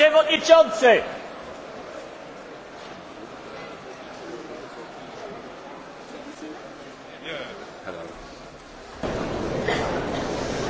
przewodniczący! Hello.